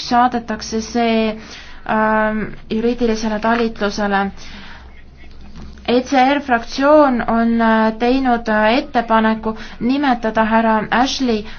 üks saadetakse see äh, juriidilisele talitlusele. ECR fraktsioon on äh, teinud äh, ettepaneku nimetada härra Ashley